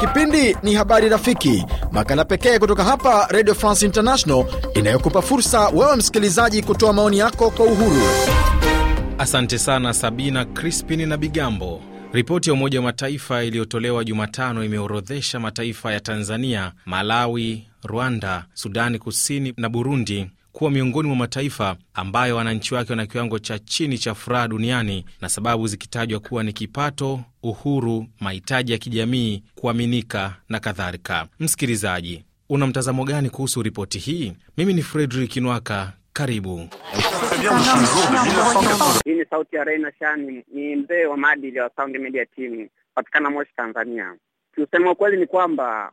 kipindi ni habari rafiki, makala pekee kutoka hapa Radio France International inayokupa fursa wewe msikilizaji kutoa maoni yako kwa uhuru. Asante sana Sabina Crispin na Bigambo. Ripoti ya Umoja wa Mataifa iliyotolewa Jumatano imeorodhesha mataifa ya Tanzania, Malawi, Rwanda, Sudani Kusini na Burundi kuwa miongoni mwa mataifa ambayo wananchi wake wana kiwango cha chini cha furaha duniani, na sababu zikitajwa kuwa ni kipato, uhuru, mahitaji ya kijamii, kuaminika na kadhalika. Msikilizaji, una mtazamo gani kuhusu ripoti hii? Mimi ni Fredrik Nwaka. Karibu. Hii ni sauti ya Reina Shani, ni mzee wa maadili wa Sound Media Team, patikana Moshi, Tanzania. Kiusema ukweli ni kwamba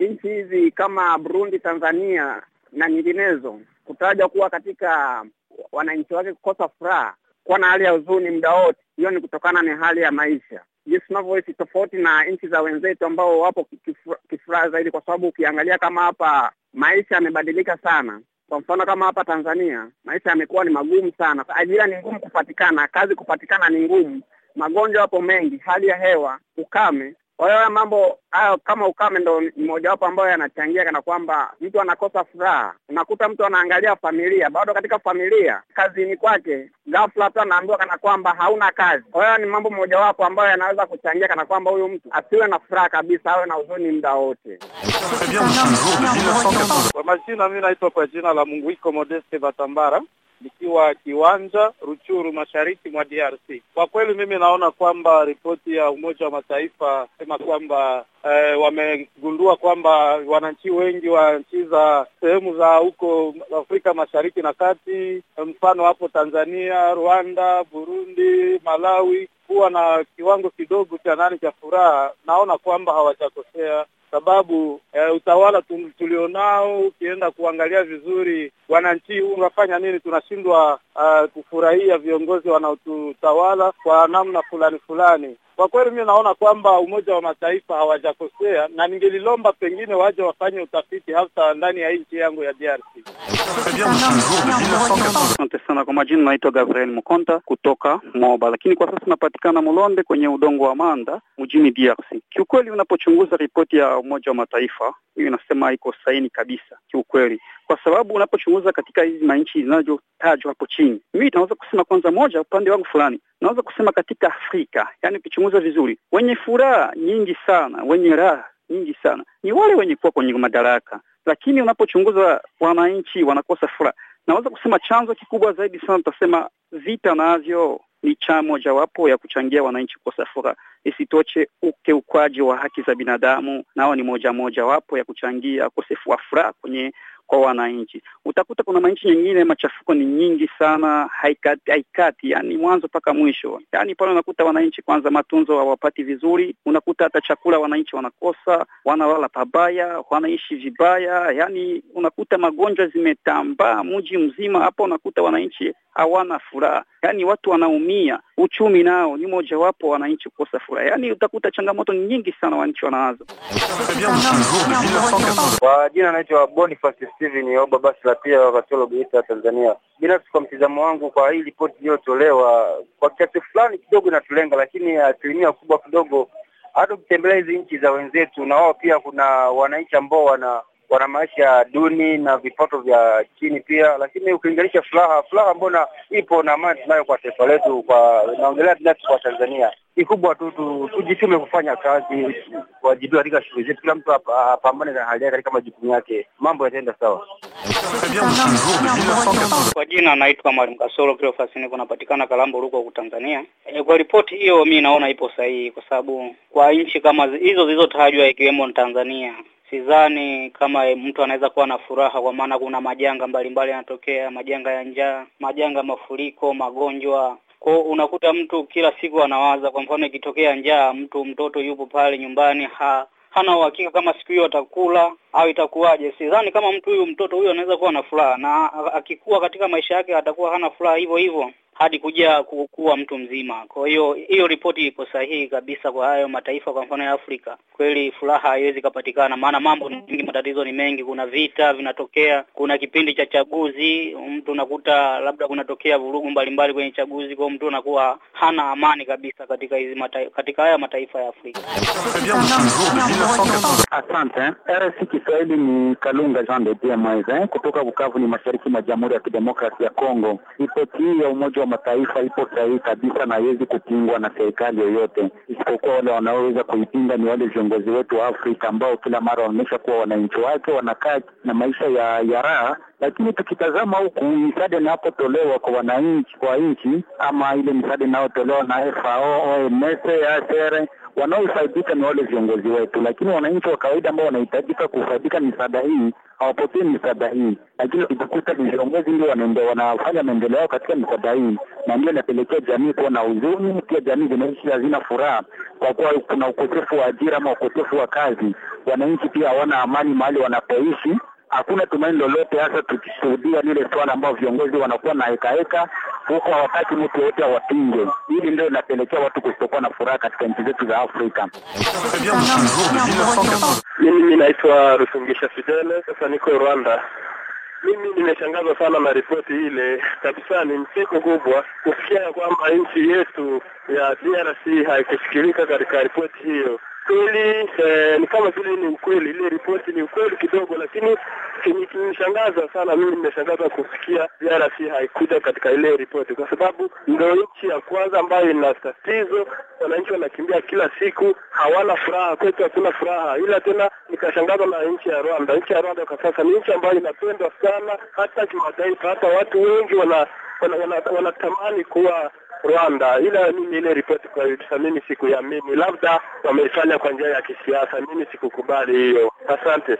nchi hizi kama Burundi, Tanzania na nyinginezo kutaja kuwa katika wananchi wake kukosa furaha, kuwa na hali ya huzuni muda wote, hiyo ni kutokana na hali ya maisha jinsi tunavyoishi, tofauti na nchi za wenzetu ambao wapo kifuraha kifura zaidi, kwa sababu ukiangalia kama hapa maisha yamebadilika sana. Kwa mfano kama hapa Tanzania maisha yamekuwa ni magumu sana, ajira ni ngumu kupatikana, kazi kupatikana ni ngumu, magonjwa yapo mengi, hali ya hewa, ukame. Kwa hiyo haya mambo hayo kama ukame ndo mmojawapo ambayo yanachangia kana kwamba mtu anakosa furaha. Unakuta mtu anaangalia familia, bado katika familia, kazini kwake, ghafla tu anaambiwa kana kwamba hauna kazi. Kwa hiyo ni mambo mmojawapo ambayo yanaweza kuchangia kana kwamba huyu mtu asiwe na furaha kabisa, awe na huzuni muda wote. Kwa majina, mi naitwa kwa jina la iko Modeste Batambara nikiwa kiwanja Ruchuru, mashariki mwa DRC. Kwa kweli mimi naona kwamba ripoti ya Umoja wa Mataifa sema kwamba eh, wamegundua kwamba wananchi wengi wa nchi za sehemu za huko Afrika Mashariki na Kati, mfano hapo Tanzania, Rwanda, Burundi, Malawi, kuwa na kiwango kidogo cha nani cha furaha, naona kwamba hawajakosea sababu e, utawala tulionao ukienda kuangalia vizuri, wananchi huu unafanya nini, tunashindwa uh, kufurahia viongozi wanaotutawala kwa namna fulani fulani. Kwa kweli mimi naona kwamba Umoja wa Mataifa hawajakosea, na ningelilomba pengine waje wafanye utafiti hasa ndani ya nchi yangu ya DRC. Asante sana kwa majina, naitwa Gabriel Mkonta kutoka Moba, lakini kwa sasa napatikana Mulonde kwenye udongo wa Manda mjini DRC. Kiukweli, unapochunguza ripoti ya Umoja wa Mataifa hiyo inasema haiko saini kabisa, kiukweli, kwa sababu unapochunguza katika hizi manchi zinazotajwa hapo chini nini? Mimi naweza kusema kwanza, moja, upande wangu fulani naweza kusema katika Afrika, yani ukichunguza vizuri, wenye furaha nyingi sana, wenye raha nyingi sana ni wale wenye kuwa kwenye madaraka, lakini unapochunguza wananchi wanakosa furaha. Naweza kusema chanzo kikubwa zaidi sana tutasema vita navyo ni cha mojawapo ya kuchangia wananchi kukosa furaha. Isitoche, ukiukwaji wa haki za binadamu nao ni moja mojawapo ya kuchangia ukosefu wa furaha kwenye kwa wananchi. Utakuta kuna manchi nyingine machafuko ni nyingi sana, haikati, haikati yani mwanzo mpaka mwisho. Yani pale unakuta wananchi kwanza matunzo hawapati vizuri, unakuta hata chakula wananchi wanakosa, wanalala pabaya, wanaishi vibaya, yani unakuta magonjwa zimetambaa mji mzima. Hapo unakuta wananchi hawana furaha yaani watu wanaumia, uchumi nao ni mojawapo, wananchi kukosa furaha, yaani utakuta changamoto nyingi sana wananchi wanawazo. Kwa jina anaitwa Boniface Steven Oba, basi la pia Wakatolo, Geita, Tanzania. Binafsi kwa mtizamo wangu, kwa hii ripoti iliyotolewa kwa kiasi fulani kidogo inatulenga, lakini asilimia kubwa kidogo, hata ukitembelea hizi nchi za wenzetu, na wao pia kuna wananchi ambao wana wana maisha duni na vipato vya chini pia, lakini ukilinganisha furaha furaha mbona ipo na amani tunayo kwa taifa letu, kwa naongelea binafsi kwa Tanzania, kikubwa tu tujitume kufanya kazi, kuwajibika katika shughuli zetu. Kila mtu apambane na hali yake katika majukumu yake, mambo yataenda sawa. Kwa jina naitwa Mwalimu Kasoro niko napatikana Kalambo Ruko huku Tanzania. E, kwa ripoti hiyo mi naona ipo sahihi, kwa sababu kwa nchi kama hizo zilizotajwa ikiwemo Tanzania sidhani kama mtu anaweza kuwa na furaha, kwa maana kuna majanga mbalimbali yanatokea, majanga ya njaa, majanga mafuriko, magonjwa kwa unakuta mtu kila siku anawaza, kwa mfano ikitokea njaa, mtu mtoto yupo pale nyumbani ha, hana uhakika kama siku hiyo atakula au itakuwaje. Sidhani kama mtu huyu mtoto huyu anaweza kuwa na furaha, na akikuwa katika maisha yake atakuwa hana furaha hivyo hivyo hadi kuja kuwa mtu mzima. Kwa hiyo hiyo ripoti iko sahihi kabisa kwa hayo mataifa, kwa mfano ya Afrika. Kweli furaha haiwezi ikapatikana, maana mambo ni mengi, matatizo ni mengi, kuna vita vinatokea, kuna kipindi cha chaguzi, mtu unakuta labda kunatokea vurugu mbalimbali kwenye chaguzi, kwa mtu anakuwa hana amani kabisa katika hizi mataifa, katika haya mataifa ya Afrika. Asante. RFI Kiswahili ni Kalunga Jean de Dieu kutoka Bukavu, ni mashariki mwa Jamhuri ya Kidemokrasia ya Kongo. Ripoti hii ya Umoja Mataifa ipo sahihi kabisa na haiwezi kupingwa na serikali yoyote, isipokuwa wale wanaoweza kuipinga ni wale viongozi wetu wa Afrika ambao kila mara wanaonyesha kuwa wananchi wake wanakaa na maisha ya, ya raha lakini tukitazama huku misaada inapotolewa kwa wananchi kwa nchi ama ile misaada inayotolewa na FAO, OMS, ASR wanaofaidika ni wale viongozi wetu, lakini wananchi wa kawaida ambao wanahitajika kufaidika misaada hii hawapotee misaada hii, lakini ukikuta ni viongozi ndio wanafanya maendeleo yao katika misaada hii, na ndio inapelekea jamii kuwa na huzuni. Pia jamii zinaishi hazina furaha, kwa kuwa kuna ukosefu wa ajira ama ukosefu wa kazi. Wananchi pia hawana amani mahali wanapoishi hakuna tumaini lolote, hasa tukishuhudia lile swala ambao viongozi wanakuwa na hekaheka, huko hawataki mtu yoyote awapinge. Hili ndio linapelekea watu kusitokuwa na furaha katika nchi zetu za Afrika. Mimi naitwa Rusungisha Fidele, sasa niko Rwanda. Mimi nimeshangazwa sana na ripoti ile kabisa. Ni msiko kubwa kusikia ya kwamba nchi yetu ya DRC haikushikilika katika ripoti hiyo kweli eh, ni kama vile ni ukweli, ile ripoti ni ukweli kidogo, lakini kinishangaza sana, mimi nimeshangaza kusikia DRC haikuja katika ile ripoti, kwa sababu ndio nchi ya kwanza ambayo ina tatizo, wananchi wanakimbia kila siku, hawana furaha. Kwetu hakuna furaha, ila tena nikashangazwa na nchi ya Rwanda. Nchi ya Rwanda kwa sasa ni nchi ambayo inapendwa sana hata kimataifa, hata watu wengi wana wanatamani wana, wana kuwa Rwanda, ila mimi ile ripoti kwa mimi siku ya mimi, labda wameifanya kwa njia ya kisiasa, mimi sikukubali hiyo. Asante.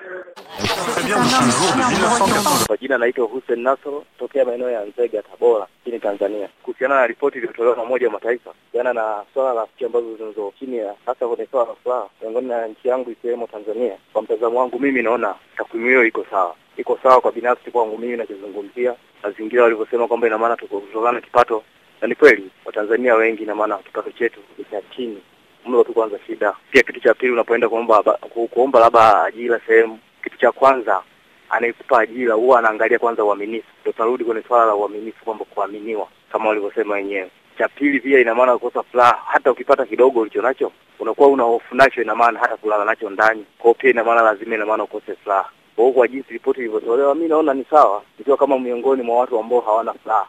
Kwa jina naitwa Hussein Nasoro tokea maeneo ya Nzega, Tabora, nchini Tanzania, kuhusiana na ripoti iliyotolewa na Umoja wa Mataifa jana na swala la nchi ambazo zinazo chini hasa kwenye swala la furaha miongoni na nchi yangu ikiwemo Tanzania. Kwa mtazamo wangu mimi naona takwimu hiyo iko sawa, iko sawa kwa binafsi kwangu mimi, nachozungumzia mazingira walivyosema kwamba ina maana kutokana na kipato na ni kweli Watanzania wengi, na maana kipato chetu ni cha chini mno tu. Kwanza shida pia, kitu cha pili, unapoenda kuomba kuomba labda ajira sehemu, kitu cha kwanza anayekupa ajira huwa anaangalia kwanza uaminifu. Ndio tarudi kwenye swala la uaminifu, kwamba kuaminiwa kama walivyosema wenyewe. Cha pili pia, ina maana kukosa furaha. Hata ukipata kidogo ulicho nacho unakuwa una hofu nacho, ina maana hata kulala nacho ndani kwao pia, ina maana lazima, ina maana ukose furaha. Kwa hiyo kwa jinsi ripoti ilivyotolewa, mi naona ni sawa, ikiwa kama miongoni mwa watu ambao hawana furaha.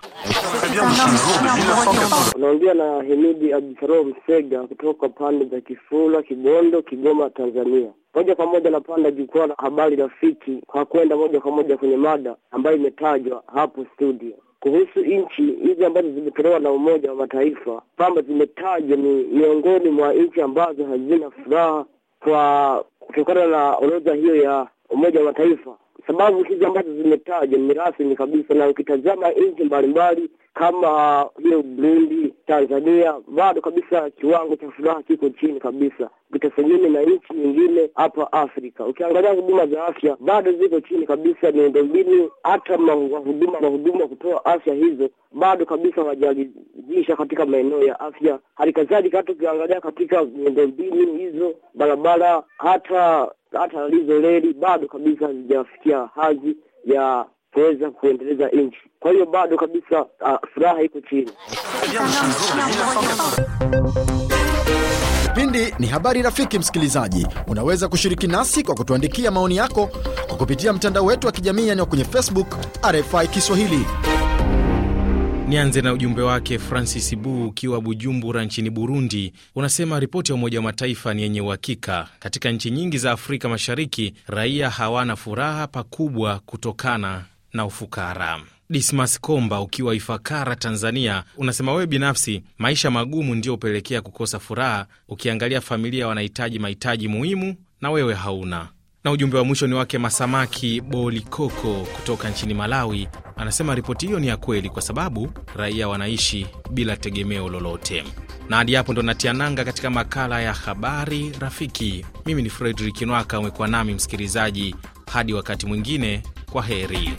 Unaongea na Himidi Abdufaro sega kutoka pande za Kifula, Kibondo, Kigoma, Tanzania. Moja kwa moja napanda jukwaa la habari rafiki kwa kwenda moja kwa moja kwenye mada ambayo imetajwa hapo studio kuhusu nchi hizi ambazo zimetolewa na Umoja wa Mataifa kwamba zimetajwa ni miongoni mwa nchi ambazo hazina furaha kwa kutokana na orodha hiyo ya Umoja wa Mataifa, sababu hizi ambazo zimetaja ni rasmi kabisa, na ukitazama nchi mbalimbali kama uh, hiyo Burundi, Tanzania, bado kabisa kiwango cha furaha kiko chini kabisa kitasajili na nchi nyingine hapa Afrika. Ukiangalia huduma za afya bado ziko chini kabisa, miundombinu hata wahuduma wahuduma kutoa afya hizo bado kabisa hawajaridhisha katika maeneo ya afya. Hali kadhalika hata ukiangalia katika miundombinu hizo, barabara, hata hata hizo reli bado kabisa hazijafikia hadhi ya kuweza kuendeleza nchi. Kwa hiyo bado kabisa uh, furaha iko chini. Kipindi ni habari rafiki. Msikilizaji, unaweza kushiriki nasi kwa kutuandikia maoni yako kwa kupitia mtandao wetu wa kijamii, yaani kwenye Facebook RFI Kiswahili. Nianze na ujumbe wake Francis Bu ukiwa Bujumbura nchini Burundi, unasema ripoti ya Umoja wa Mataifa ni yenye uhakika. Katika nchi nyingi za Afrika Mashariki raia hawana furaha pakubwa kutokana na ufukara. Dismas Komba ukiwa Ifakara, Tanzania, unasema wewe binafsi maisha magumu ndiyo hupelekea kukosa furaha. Ukiangalia familia wanahitaji mahitaji muhimu na wewe hauna na ujumbe wa mwisho ni wake Masamaki Bolikoko kutoka nchini Malawi. Anasema ripoti hiyo ni ya kweli kwa sababu raia wanaishi bila tegemeo lolote. Na hadi hapo ndo natia nanga katika makala ya habari rafiki. Mimi ni Fredrik Nwaka, umekuwa nami msikilizaji hadi wakati mwingine. Kwa heri.